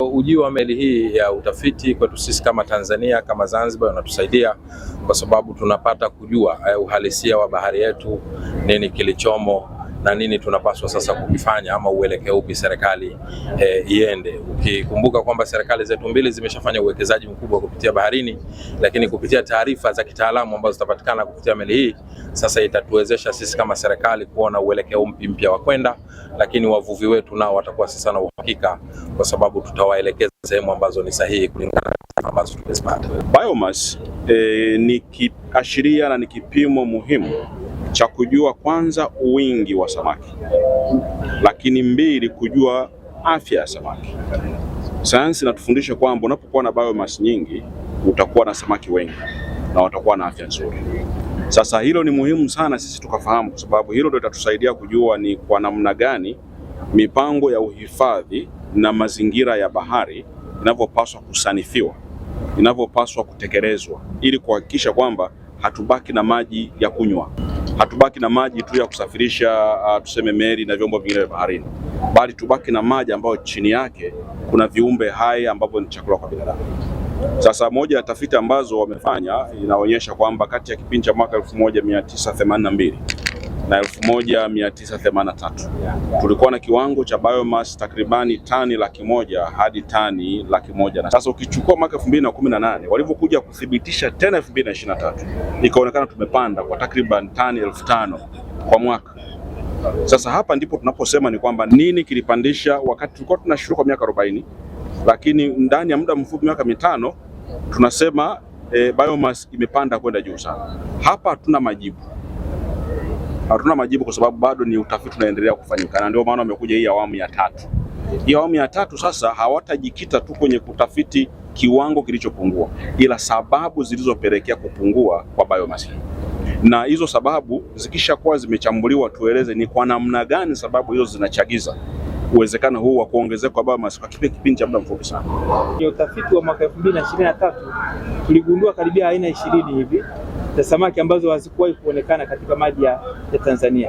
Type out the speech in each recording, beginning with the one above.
Ujio wa meli hii ya utafiti kwetu sisi kama Tanzania kama Zanzibar unatusaidia kwa sababu tunapata kujua eh, uhalisia wa bahari yetu, nini kilichomo na nini tunapaswa sasa kukifanya ama uelekeo upi serikali e, iende, ukikumbuka kwamba serikali zetu mbili zimeshafanya uwekezaji mkubwa kupitia baharini, lakini kupitia taarifa za kitaalamu ambazo zitapatikana kupitia meli hii sasa itatuwezesha sisi kama serikali kuona uelekeo mpi mpya wa kwenda, lakini wavuvi wetu nao watakuwa sasa na uhakika, kwa sababu tutawaelekeza sehemu ambazo ni sahihi kulingana ambazo tumezipata. Biomass eh, ni kiashiria na ni kipimo muhimu cha kujua kwanza wingi wa samaki, lakini mbili kujua afya ya samaki. Sayansi inatufundisha kwamba unapokuwa na biomass nyingi utakuwa na samaki wengi na watakuwa na afya nzuri. Sasa hilo ni muhimu sana sisi tukafahamu, kwa sababu hilo ndio litatusaidia kujua ni kwa namna gani mipango ya uhifadhi na mazingira ya bahari inavyopaswa kusanifiwa, inavyopaswa kutekelezwa ili kuhakikisha kwamba hatubaki na maji ya kunywa hatubaki na maji tu ya kusafirisha uh, tuseme meli na vyombo vingine vya baharini, bali tubaki na maji ambayo chini yake kuna viumbe hai ambavyo ni chakula kwa binadamu. Sasa moja ya tafiti ambazo wamefanya inaonyesha kwamba kati ya kipindi cha mwaka 1982 na 1983 tulikuwa na kiwango cha biomass takribani tani laki moja hadi tani laki moja na sasa ukichukua mwaka 2018 walivyokuja kuthibitisha tena 2023 ikaonekana tumepanda kwa takriban tani elfu tano kwa mwaka. Sasa hapa ndipo tunaposema ni kwamba nini kilipandisha, wakati tulikuwa tunashuru kwa miaka 40 lakini ndani ya muda mfupi miaka mitano tunasema eh, biomass imepanda kwenda juu sana. Hapa hatuna majibu hatuna majibu kwa sababu bado ni utafiti unaendelea kufanyika, na ndio maana wamekuja hii awamu ya tatu. Hii awamu ya tatu sasa hawatajikita tu kwenye kutafiti kiwango kilichopungua, ila sababu zilizopelekea kupungua kwa biomass na hizo sababu zikishakuwa zimechambuliwa, tueleze ni kwa namna gani sababu hizo zinachagiza uwezekano huu wa kuongezeka kwa biomass kwa kile kipindi cha muda mfupi sana. Kwenye utafiti wa mwaka 2023 tuligundua karibia aina ishirini hivi za samaki ambazo hazikuwahi kuonekana katika maji ya ya Tanzania.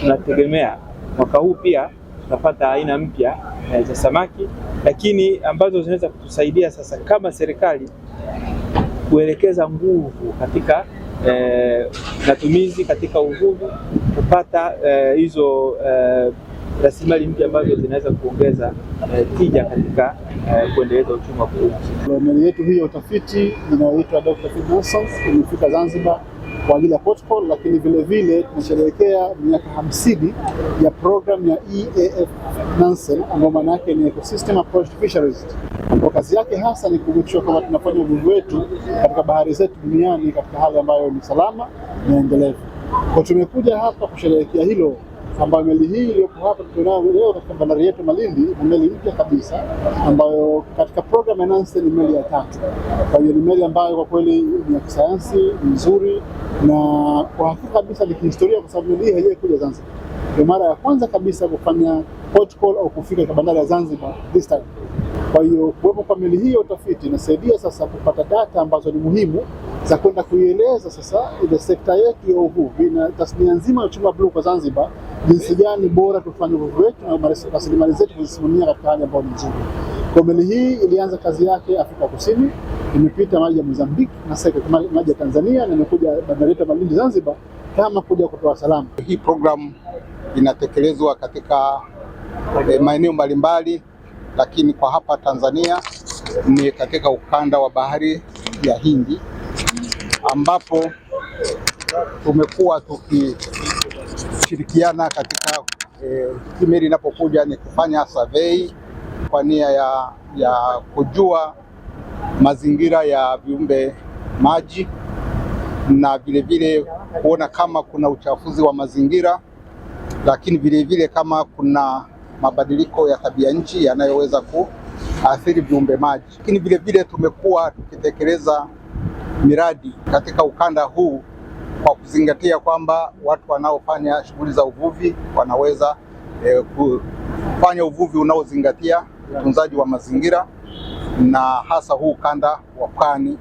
Tunategemea mwaka huu pia tutapata aina mpya eh, za samaki, lakini ambazo zinaweza kutusaidia sasa kama serikali kuelekeza nguvu katika eh, matumizi katika uvuvi, kupata eh, hizo e, rasilimali mpya ambazo zinaweza kuongeza e, tija katika e, kuendeleza uchumi wa kuu Meli yetu hii ya utafiti inayoitwa Dr. Phid imefika Zanzibar kwa ajili ya protocol, lakini vilevile tunasherehekea miaka hamsini ya program ya EAF Nansen ambayo maana yake ni Ecosystem Approach to Fisheries, ambayo kazi yake hasa ni kuhakikisha kwamba tunafanya uvuvi wetu katika bahari zetu duniani katika hali ambayo ni salama na endelevu. Kwa tumekuja hapa kusherehekea hilo ambayo meli hii iliyoko hapa tulionao leo katika bandari yetu Malindi ni meli mpya kabisa ambayo katika program ya Nansen ni meli ya tatu. Kwa hiyo ni meli ambayo kwa kweli ni ya kisayansi nzuri na kwa hakika kabisa ni kihistoria, kwa sababu meli hii haijawahi kuja Zanzibar. Ni mara ya kwanza kabisa kufanya port call au kufika katika bandari ya Zanzibar this time. Kwa hiyo kuwepo kwa meli hii ya utafiti inasaidia sasa kupata data ambazo ni muhimu za kwenda kuieleza sasa ile sekta yetu ya uvuvi na tasnia nzima ya uchumi wa bluu kwa Zanzibar jinsi gani bora tufanye nguvu wetu na rasilimali zetu kuzisimamia katika hali ambayo ni nzuri. Kwa meli hii ilianza kazi yake Afrika Kusini, imepita maji ya Mozambiki na sasa maji ya Tanzania na imekuja bandari ya Malindi Zanzibar, kama kuja kutoa salamu. Hii programu inatekelezwa katika eh, maeneo mbalimbali, lakini kwa hapa Tanzania ni katika ukanda wa bahari ya Hindi ambapo tumekuwa tuki kushirikiana katika e, inapokuja ni kufanya survey kwa nia ya, ya kujua mazingira ya viumbe maji na vilevile kuona kama kuna uchafuzi wa mazingira, lakini vilevile kama kuna mabadiliko ya tabia nchi yanayoweza kuathiri viumbe maji. Lakini vilevile tumekuwa tukitekeleza miradi katika ukanda huu kwa kuzingatia kwamba watu wanaofanya shughuli za uvuvi wanaweza e, kufanya uvuvi unaozingatia utunzaji wa mazingira na hasa huu kanda wa pwani